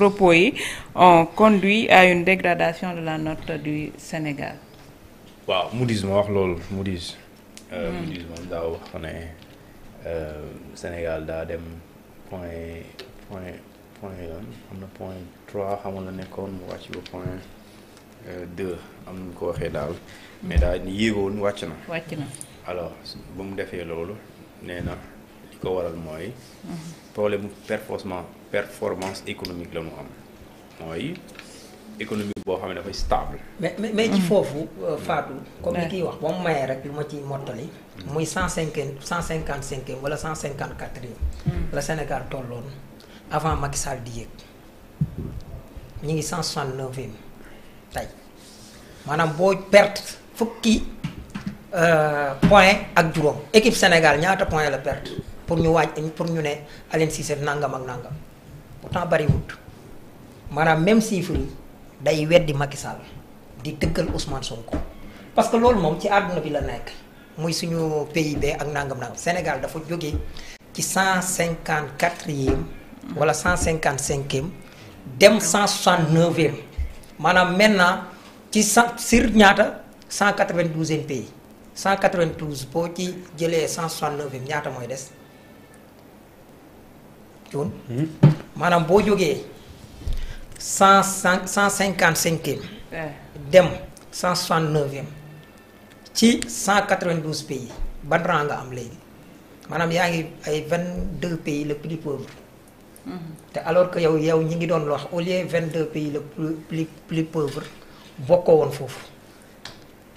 propos yi ont conduit à une dégradation de la note du Sénégal. waaw Moody's ma wax loolu Moody's. Euh, hmm. Moody's moom daa wax ne euh, Sénégal daa dem point point point lan am na point trois xamul la nekkoon mu wàcc ba point euh, deux am na ko waxee daal mais daal ni yéegoon wàcc na. wàcc na alors ba mu defee loolu nee na li ko waral mooy. Hmm. problème mu performance. performance économique la économique boo xam ne dafay stable. mais mais ci mm. foofu euh, mm. faatu comme ni kiy wax ba mu mayee rek lu ma ci mottali. Mm. muy cent cinquante cent cinquante cinquième wala cent cinquante quatrième. la Sénégal tolloon avant Macky Sall di yéeg ñu ngi cent soixante neuvième tey maanaam boo perte fukki euh, point ak juróom équipe Sénégal ñaata point la perte pour ñu waaj pour ñu ne Aliou Cissé nangam ak nangam. pourtant bariwut maanaam même chiffre yi day weddi Macky Sall di tëkkal Ousmane sonk parce que loolu moom ci àdduna bi la nekk muy suñu PIB ak nangam-nangam Sénégal dafa jóge ci cent cinquante quatrième wala cent cinquante cinquième dem cent soixante neuvième maanaam maintenant ci sa ñaata cent quatre vingt cent quatre vingt boo ci jëlee cent soixante ñaata mooy des. maanaam boo jógee cent cent cent cinquante cinquième dem cent soixante neuvième ci cent quatre vingt douze pays ban rang nga am léegi maanaam yaa ngi ay vingt deux pays le plus pauvre mm-hmm. te alors que yow yow ñi ngi doon wax au lieu vingt deux pays le plus plus plus bokkoo woon foofu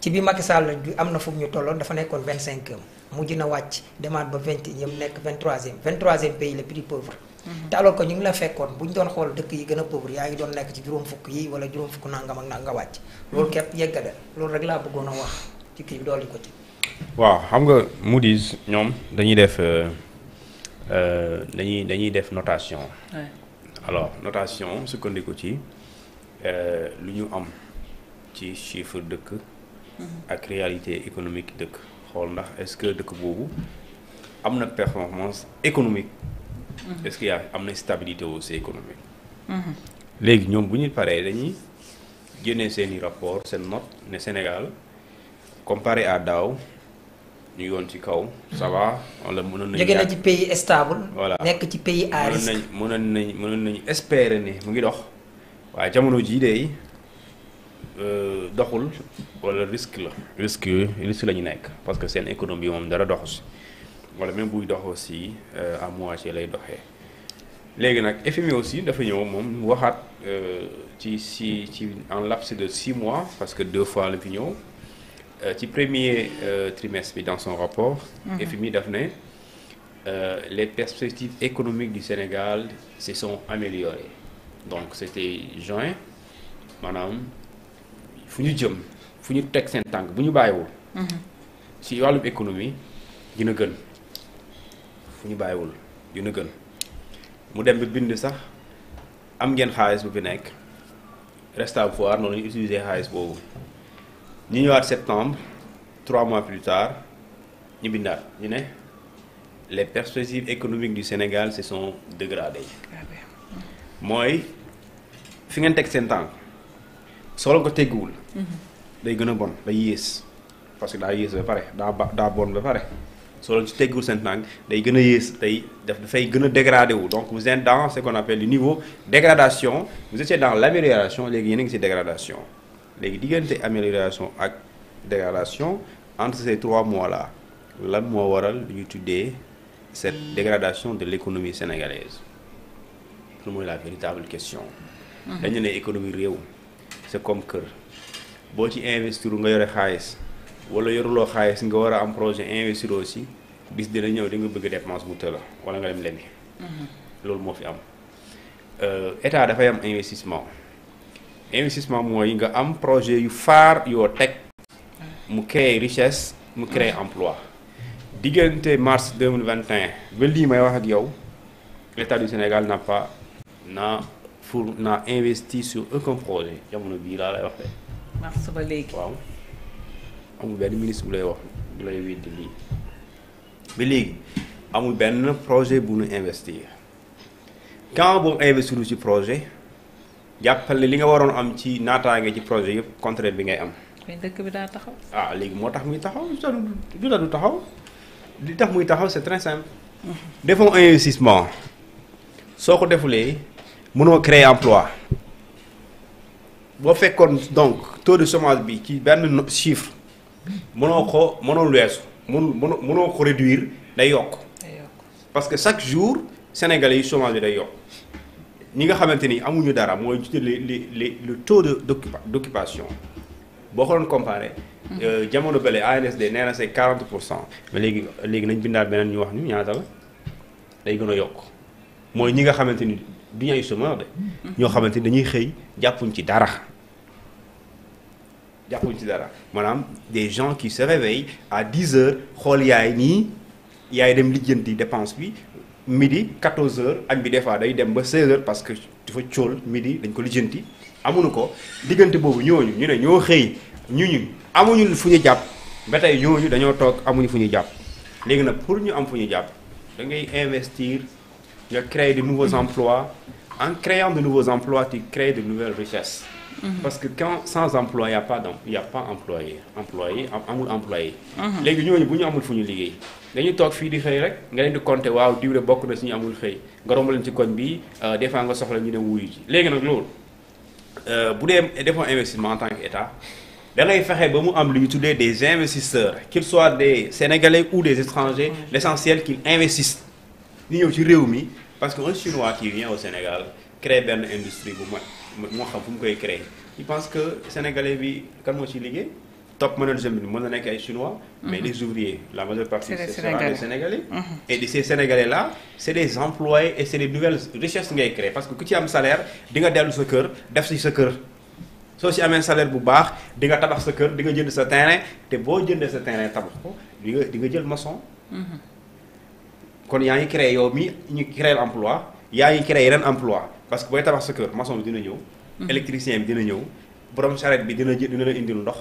ci bi Macky Sall am na fu ñu tolloon dafa nekkoon vingt cinquième mujj na wàcc demaat ba vingt et unième nekk vingt troisième vingt troisième pays le plus pauvre te alors que ñu ngi la fekkoon bu ñu doon xool dëkk yi gën a pauvre yaa ngi doon nekk ci juróom fukk yi wala juróom fukk nangam ak nangam nga wàcc loolu mm-hmm. képp yeggada loolu rek laa bëggoon a wax ci kii bi dolli ko ci waaw xam nga Moody's ñoom dañuy def euh, euh, dañuy dañuy def notation alors notation sukkandiku ci euh, lu ñu am ci chiffre dëkk mm-hmm. ak réalité économique dëkk xool ndax est-ce que dëkk boobu am na performance économique Mm-hmm. est-ce que yaa am na stabilité aussi économique. Mm-hmm. léegi ñoom bu ñu paree dañuy génne seen i rapport seen note ne Sénégal comparé à daaw ñu yoon ci kaw ça va. Mm-hmm. wala mënoon nañu jóge na ci pays stable. voilà ci pays à risque mënoon nañu mënoon nañu ne mu ngi dox waaye jamono jii de euh, doxul wala risque la. risque risque la ñu nekk parce que seen économie moom dara doxu si. wala même buy dox aussi mois euh, moitié lay doxee léegi nag FMI aussi dafa ñëw moom waxaat euh, ci si ci en laps de six mois parce que deux fois la fi ñëw euh, ci premier trimestre bi dans son rapport mhm. FMI daf ne les perspectives économiques du Sénégal se son améliorées donc c'était juin maanaam fu ñu jëm fu ñu teg seen tànk bu ñu bàyyiwul mhm. ci wàllum économie dina gën fu ñu bàyyiwul yu nu gën mu dem bi bind sax am ngeen xaalis bu fi nekk restant foire noonu ñu utiliser xaalis boobu ñu ñëwaat septembre trois mois plus tard ñu bindaat ñu ne les perspectives économiques du Sénégal se sont dégradées mooy fi ngeen teg seen tànk solo ko tegguwul mhm. day gën a bon day yées parce que daa yées ba pare daa ba daa bon ba pare soo leen ci teggul seen tànk day gën a yées day daf dafay gën a dégradé wu donc vous êtes dans ce qu'on appelle le niveau dégradation vous étiez dans l'amélioration léegi yéen a ngi ci dégradation léegi diggante amélioration ak dégradation entre ces trois mois la lan moo waral lu ñu tuddee cette dégradation de l'économie sénégalaise loolu mooy la véritable question mhm. dañu ne économie réew c'est comme kër boo ci investir nga yore xaalis wala yoruloo xaalis nga war a am projet investir aussi bis dina ñëw di nga bëgg dépense mu tëla wala nga dem lebi mhm. loolu moo fi am euh, état dafay am investissement investissement mooy nga am projet yu faar yoo teg mu créer richesse mu créer mhm. emploi diggante mars 2021 ba lii may wax ak yow l'état du Sénégal n'a pas n'a pour n'a investi sur aucun projet jamono bii laa lay waxee mars ba waaw amul benn ministre bu lay wax bu lay weddi lii ba léegi amul benn projet bu nu investir quand boo investir ci projet jàppale li nga waroon am ci naataange ci projet yëpp contraire bi ngay am. mais dëkk bi daa taxaw. ah léegi moo tax muy taxaw du la du taxaw li tax muy taxaw c'est très simple. Mhm. defoo investissement soo ko defulee mënoo créer emploi boo fekkoon donc taux de chômage bi ci benn no chiffre. mënoo ko mënul weesu mënul mënoo mënoo ko réduire day yokk. parce que chaque jour sénégal yi chômage bi day yokk ñi nga xamante ni amuñu dara mooy li li li le taux de d'occupation boo ko doon comparé. Mhm. Euh, jamono bële ANSD nee na c'est 40 pour cent mais léegi léegi nañ bindaat beneen ñu wax ñu ñaata la day gën a yokk mooy ñi nga xamante ni du ñu ay de. Mhm. ñoo xamante ni dañuy xëy jàppuñ ci dara. jàppuñ ci dara maanaam des gens qui se à 10 heures xool yaay nii yaay dem lijjanti dépense bi midi 14 heures añ bi des fois day dem ba 16 heures parce que fa cóol midi dañ ko lijjanti amuñu ko diggante boobu ñooñu ñu ne ñoo xëy ñu ñu amuñu fu ñu jàpp ba tey ñooñu dañoo toog amuñu fu ñu jàpp léegi nag pour ñu am fu ñu jàpp da ngay investir nga créer de nouveaux emplois en créant de nouveaux emplois tu crées de nouvelle richesses Mhm. parce que quand sans emploi y a pas y a pas employé employé amul employé. Mhm. léegi ñooñu bu ñu amul fu ñu liggéey dañuy toog fii di xëy rek nga leen di compter waaw diw bokk na si ñu amul xëy nga romb leen ci koñ bi euh, des nga soxla ñu dem wuyu ji léegi nag loolu euh, bu dee defoo investissement en tant que état da fexe ba mu am li ñu tuddee des investisseurs qu'ils soient des sénégalais ou des étrangers mhm. l'essentiel qu'ils investissent ñu ñëw ci réew mi parce que un chinois qui au Sénégal crée benn industrie bu moo xam fu mu koy créer je pense que sénégalais bi kan moo ci liggéey top management bi mën na nekk ay chinois. mais les mhm. ouvriers la majeure partie. c'est sénégalais des sénégalais. Mhm. et de ces sénégalais là c' est des employés et c' est des nouvelles ngay créer parce que ku ci am salaire di nga dellu sa kër def si sa kër. soo si amee salaire bu baax di nga tabax sa kër di nga jënd sa terrain te boo jëndee sa terrain tabax ko di nga di nga jël maçon. Mhm. kon yaa ngi créé yow mi ñu créé emploi yaa ngi créé yeneen emploi parce que booy tabax sa kër maçon bi dina ñëw. Mhm. électricien bi dina ñëw borom charrette bi dina dina la indil ndox.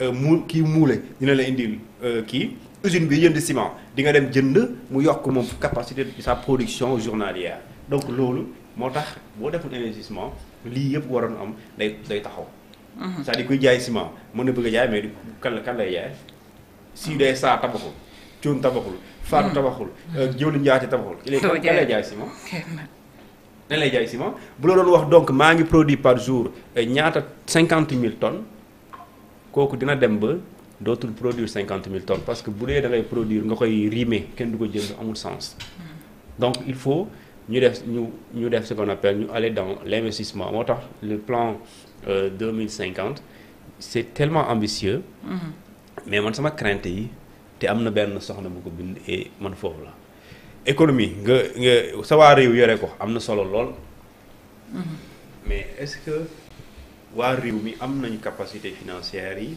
Euh, mu kii muule dina la indil euh, kii usine bi jënd ciment di nga dem jënd mu yokk moom capacité de sa production journalière donc loolu moo tax boo deful investissement lii yëpp waroon am day day taxaw. Mhm. cest à kuy jaay ciment mën na bëgg a jaay mais du kan la lay jaay. si dee saa tabaxul coon tabaxul. faatu mhm. tabaxul. jëwli euh, njaate tabaxul. soo jaayee lay jaay ciment. dañ lay jaay ciment bu la doon wax donc maa ngi produit par jour eh, ñaata cinquante mille tonnes kooku dina dem ba dootul produire cinquante mille tonnes parce que bu dee da ngay nga koy rimer kenn du ko jënd amul sens hmm. donc il faut ñu def ñu ñu def ce qu'on appelle ñu aller dans l'investissement moo tax le plan euh, deux mille cinquante c'est tellement ambitieux hmm. mais man sama crainte yi te am na benn soxna bu ko bind man foofu la économie nga nga sa waa réew yore ko am na solo lool mais est-ce que waa réew mi am nañu capacité financière yi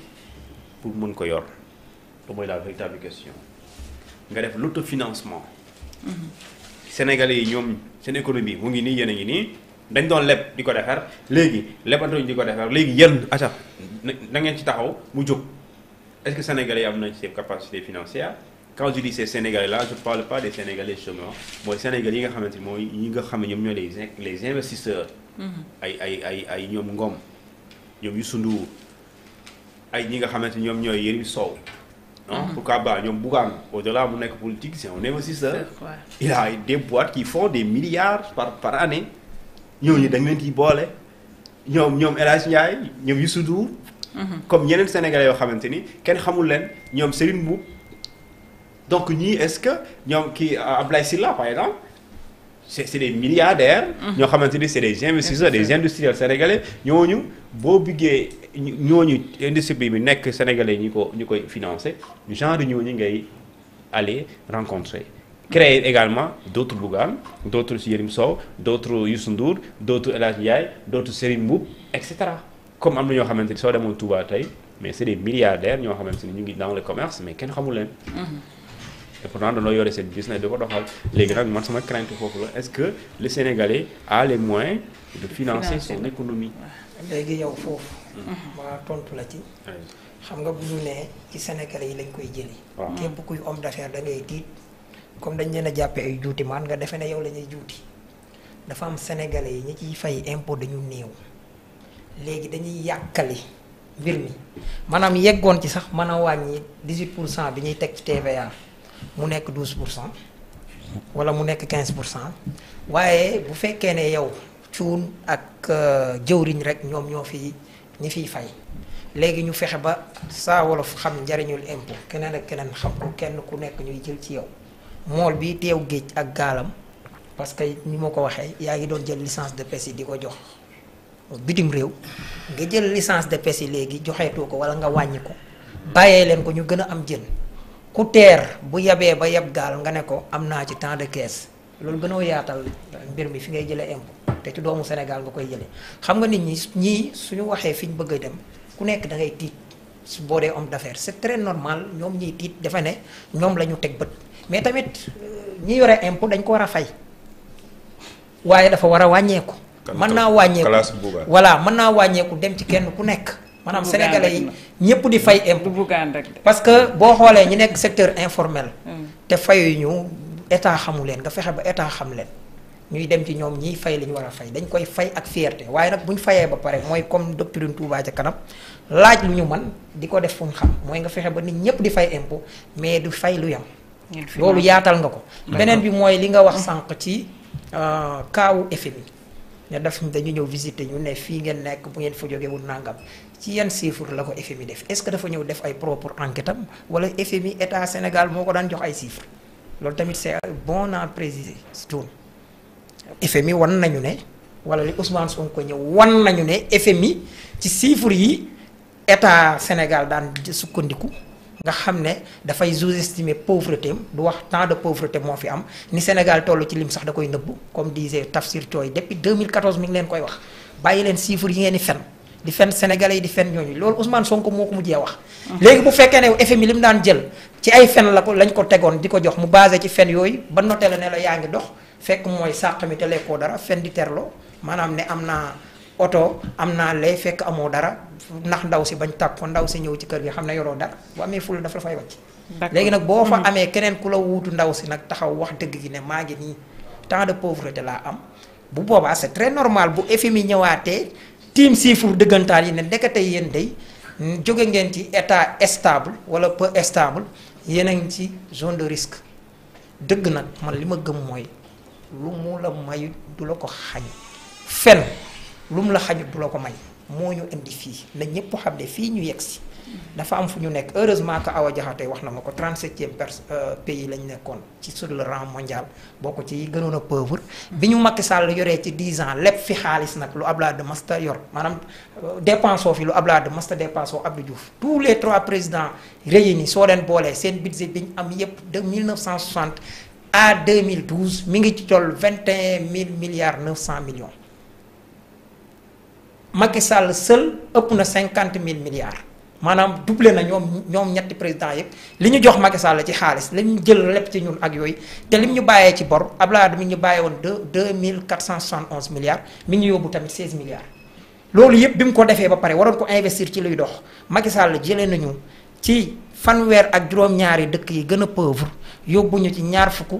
pour mën ko yor te mooy la véritable question nga def financement Sénégalais yi ñoom seen économie mu ngi nii yéen a ngi nii dañ doon leb di ko defar léegi lebatuñ di ko defar léegi yéen achat na ngeen ci taxaw mu jóg est-ce que yi am nañ seen capacité financière quand je dis ces Sénégalais là je parle pas des Sénégalais chômeurs mooy Sénégalais yi nga xamante mooy ñi nga xam ne ñoom ñoo les les investisseurs. Mm-hmm. ay ay ay ay ñoom Ngom ñoom Youssou Ndour ay ñi nga xamante ni ñoom ñooy Yérim Sow. ah ñoom Bougane au mu nekk politique c'est un investisseur. il a des boîtes qui font des milliards par par année ñooñu da leen ciy boole ñoom ñoom El Hadj Ndiaye ñoom Youssou Ndour. Mm-hmm. comme yeneen Sénégalais yoo xamante ni kenn xamul leen ñoom Serigne Mboup. donc ñii est-ce que ñoom kii euh, la Sylla par exemple c'est c'est des milliardaires. Mm-hmm. ñoo xamante ni c'est des investisseurs des industriels sénégalais ñu boo buggee ñooñu industrie bi nekk sénégalais ñi ko ñu koy financer genre ñooñu ngay aller rencontrer. créer également d'autres Bougane d'autres Yérim Sow d'autres Youssou Ndour d'autres El Hadj Ndiaye d'autres Serigne Mboup et cetera comme am na ñoo xamante ni soo demoon Touba tey mais c'est des milliardaires ñoo xamante ni ñu ngi dans commerce mais kenn xamul leen. Mm-hmm. te pourtant dañoo yore seen business di ko doxal léegi nag man sama crainte foofu la est-ce que le Sénégalais a les moyens de financer son économie léegi yow foofu ma mm-hmm. tontu la ci xam nga bu ñu nee ci Sénégalais yi lañ koy jëli képp kuy homme d'affaires da ngay comme dañ leen a jàppee ay juuti maan nga defee ne yow lañuy juuti dafa am sénégalais yi ñu ciy fay impôt dañu néew léegi dañuy yàkkali mbir mi maanaam yeggoon ci sax mën a wàññi 18 pour cent bi ñuy teg ci TVA mu nekk 12 pour cent wala mu nekk 15 pour cent waaye bu fekkee ne yow cuun ak euh, jëwriñ rek ñoom ñoo fi ñi fiy fay léegi ñu fexe ba saa wolof xam njariñul impôt keneen ak keneen xam ko kenn ku nekk ñuy jël ci yow mool bi teew géej ak gaalam parce que ni ma ko waxee yaa ngi doon jël licence de pêche yi di ko jox bitim réew nga jël licence de pêche yi léegi joxeetoo ko wala nga wàññi ko bàyyee leen ko ñu gën a am jën ku teer bu yabee ba yab gaal nga ne ko am naa ci temps de caisse loolu gënoo yaatal mbir mi fi ngay jëlee impôt te ci doomu Sénégal nga koy jëlee xam nga nit ñi ñii ñu waxee fi ñu bëgg a dem ku nekk dangay ngay tiit boo dee homme d'affaires c'est très normal ñoom ñiy tiit dafa ne ñoom la ñu teg bët mais tamit euh, ñi yore impôt dañ ko war a fay waaye dafa war a wàññeeku mën naa wàññeeku voilà mën naa wàññeeku dem ci kenn ku nekk maanaam sénégalais yi ñëpp di fay impôt parce que boo xoolee ñu nekk secteur informel hmm. te fayu ñu état xamu leen nga fexe ba état xam leen ñuy dem ci ñoom ñiy fay li ñu war a fay dañ koy fay ak fierté waaye nag bu ñu fayee ba pare mooy comme doctrine Touba ca kanam laaj lu ñu man di ko def fu xam mooy nga fexe ba nit ñëpp di fay impôt mais du fay lu yam loolu yaatal nga ko beneen bi mooy li nga wax sànq ci euh, kaawu FMI ne daf dañu ñëw visiter ñu ne fii ngeen nekk bu ngeen fa jógee wul nàngam ci yan chiffres la ko FMI def est-ce que dafa ñëw def ay propre enquête am wala FMI état Sénégal moo ko daan jox ay chiffres loolu tamit c'est bon à préciser surtout FMI wan nañu ne wala li Ousmane Sonko ñëw wan nañu ne FMI ci chiffres yi état Sénégal daan sukkandiku nga xam ne dafay sous-estimer pauvreté du wax tant de pauvreté moo fi am ni Sénégal toll ci lim sax da koy nëbbu comme disait Tafsir Thioye depuis 2014 mi ngi leen koy wax bàyyi leen chiffres yi ngeen di fen di fen sénégalais yi di fen ñooñu loolu Ousmane Sonko moo ko mujjee wax. Ah. léegi bu fekkee ne FMI li mu daan jël ci ay fen la ko lañ ko tegoon di ko jox mu basé ci fen yooyu ba noté la ne la yaa ngi dox fekk mooy sàq mi te lekkoo dara fen di terlo maanaam ne am naa oto am naa lay fekk amoo dara ndax ndaw si bañ tàkk ko ndaw si ñëw ci kër gi xam ne yoroo dara bu amee ful dafa la fay wàcc. léegi nag boo fa mm. amee keneen ku la wutu ndaw si nag taxaw wax dëgg gi ne maa ngi nii temps de pauvreté laa am bu boobaa c'est très normal bu FMI ñëwaatee tiim chiffre dëggantaan yi ne ndekete yéen day joge ngeen ci état stable wala peu stable yéen a ci zone de risque dëgg nag man li ma gëm mooy lu mu la may du la ko xañ fen lu mu la xañut du la ko may moo ñu indi fii na ñëpp xam ne fii ñu yegg si dafa am fu ñu nekk heureusement que Awa Jaxate wax na ma ko 37e per euh, pays lañ nekkoon ci sur le rang mondial bokk ci gënoon a bi ñu Macky Sall yoree ci 10 ans lépp fi xaalis nag lu Abdoulaye de Masta yor maanaam euh, dépense fi lu Abdoulaye de Masta dépense Abdou Diouf tous les trois présidents réunis soo leen boolee seen budget bi ñu am yépp de 1960 à 2012 mi ngi ci toll 21 mille milliards 900 millions Macky Sall seul ëpp na 50 mille milliards. maanaam duble na ñoom ñoom ñetti président yëpp li ñu jox Macky la ci xaalis li ñu jël lépp ci ñun ak yooyu te lim ñu bàyyee ci bor Abdoulaye mi ñu bàyyee woon deux mille quatre cent soixante onze milliards mi ñu yóbbu tamit seize milliards. loolu yëpp bi mu ko defee ba pare waroon ko investir ci luy dox Macky Sall jëlee nañu ci fanweer ak juróom-ñaari dëkk yi gën a pauvre yóbbuñu ci ñaar fukk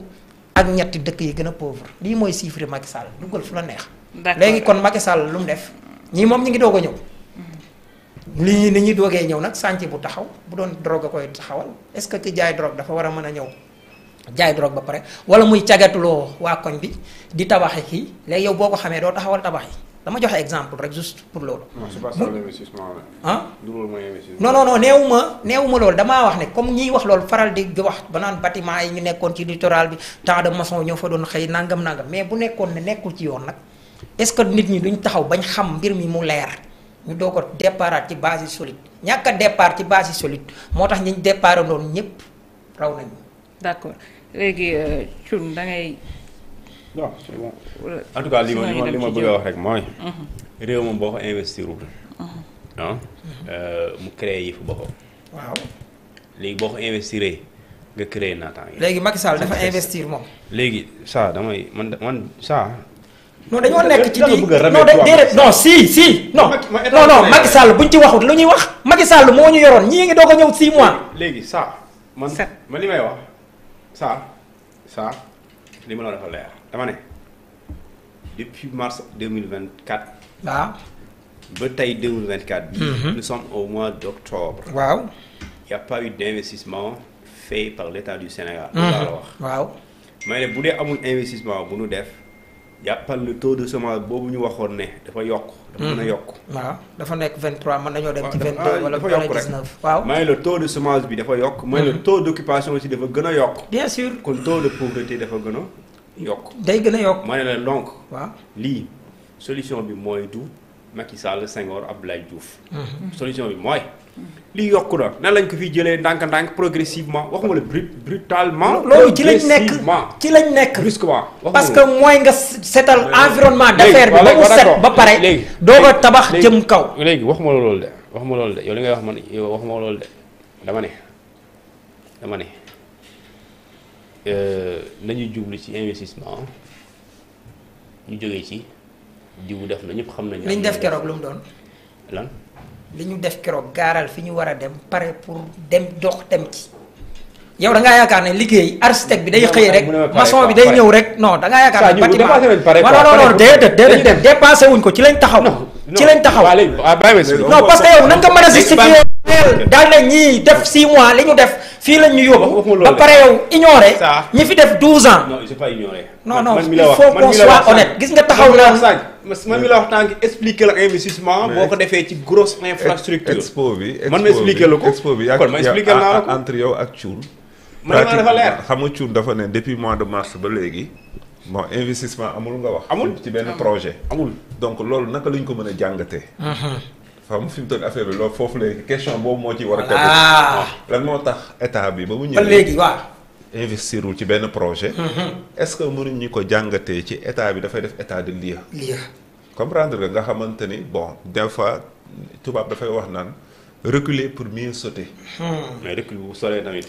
ak ñetti dëkk yi gën a pauvre lii mooy chiffre Macky Sall duggal fu la neex. léegi kon Macky lu mu def ñii moom ñu ngi doog a ñëw. lii ni ñuy doogee ñëw nag sànc bu taxaw bu doon drogue a koy taxawal est-ce que ki jaay drogue dafa war a mën a ñëw jaay drogue ba pare wala muy cagatuloo waa koñ bi di tabaxi kii léegi yow boo ko xamee doo taxawal tabax yi dama joxe exemple rek juste pour loolu. ah non non non ma néew ma loolu damaa wax ne comme ñiy wax loolu faral di wax ba naan bâtiment yi ñu nekkoon ci littoral bi temps de maçon ñëw fa doon xëy nangam nangam mais bu nekkoon ne nekkul ci yoon nag est-ce que nit ñi duñ taxaw bañ xam mbir mi mu leer. ñu doo ko départ ci base yi ñàkk a départ ci base yi moo tax ñi ñu départ doon ñëpp raw nañu. d' accord léegi euh, Thioune da ngay. en tout cas li ma li ma bëgg a wax rek mooy. Mhm. réew moom boo ko investir wul. Mhm. ah mhm. Euh, mu créé yëfu boppam. waaw léegi boo ko investiree nga créé naataange. léegi Macky Sall dafa investir moom. léegi ça damay man man ça. non dañoo nekk ci di non déedéet non waxut lu ñuy wax Macky Sall moo ñu yoroon ñii ngi doog a ñëw 6 mois. léegi ça man man li may wax ça ça li a la dafa leer dama ne depuis mars 2024. waaw. ba tey 2024. Mhm. nous sommes au mois d' octobre. waaw. y' a pas eu d' investissement fait par l' du Sénégal. Mhm. loolu la wax. waaw. ma ne bu dee amul investissement bu nu def. jàppal le taux de chômage boobu ñu waxoon ne dafa yokk. dafa mën a hmm. yokk. waaw dafa nekk 23 mën nañoo dem ci 22 ah, wala 19 waaw mooy le taux de chômage bi dafa yokk. mooy le hmm. taux d' occupation aussi dafa gën a yokk. bien sûr kon taux de pauvreté dafa gën a yokk. day gën a yokk ma ne la donc. waaw lii solution bi mooy du Macky Sall Senghor Abdoulaye Diouf. Hmm. solution bi mooy. lii yokku na nan lañ ko fiy jëlee ndànk-ndànk progressivement waxuma la brut brutalement. loolu ci lañ nekk ci lañ nekk. brusquement parce que mooy nga setal environnement d'affaire bi ba mu set ba pare doog a tabax jëm kaw. léegi waxuma loolu de waxuma loolu de yow li ngay wax man yow waxuma loolu de dama ne dama ne euh, nañu jublu ci investissement ñu jógee ci jiwu def na ñëpp xam nañu. li ñu def keroog lu mu doon li ñu def keroog gaaral fi ñu war a dem pare pour dem dox dem ci yow da ngaa yaakaar ne liggéey architecte bi day xëy rek maçon bi day ñëw rek non da ngaa yaakaar ne bâtiment non non non déedéet déedéet dépassé wuñ lañ taxaw ci lañ taxaw ah, non parce que yow na nga mën a justifier daal ñii def 6 mois li ñu def fii lañ ñu yóbbu ba pare yow ignoré ñi fi def 12 ans non non il faut qu'on soit honnête gis nga taxaw naa man mi la wax tànk expliquer la investissement boo ko defee ci grosse infrastructure expo bi man ma expliquer la ko expo bi kon ma expliquer naa la ko entre yow ak Thioul man ma dafa leer xam nga dafa ne depuis mois de mars ba léegi bon investissement amul nga wax amul ci benn projet amul donc loolu naka lañ ko mën a jàngatee xam uh-huh. fi mu affaire bi loolu foofu léegi question boobu moo ci war a ah. tegu lan moo tax état bi ba mu ñëwee léegi waaw wu ci benn projet. Mm-hmm. est-ce que ñi ko jàngatee ci état bi dafay def état de lieu. lieu comprendre nga nga xamante ni bon des tubaab dafay wax naan reculer pour mieux sauter. Mm-hmm. mais recul bu solee tamit.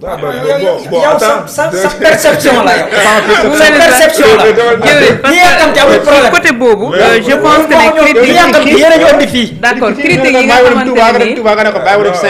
waaw bon bon yow sa sa perception la yow. sa perception la yow côté boobu. Euh, je pense que ne critique yi d'accord critique yi nga xamante ne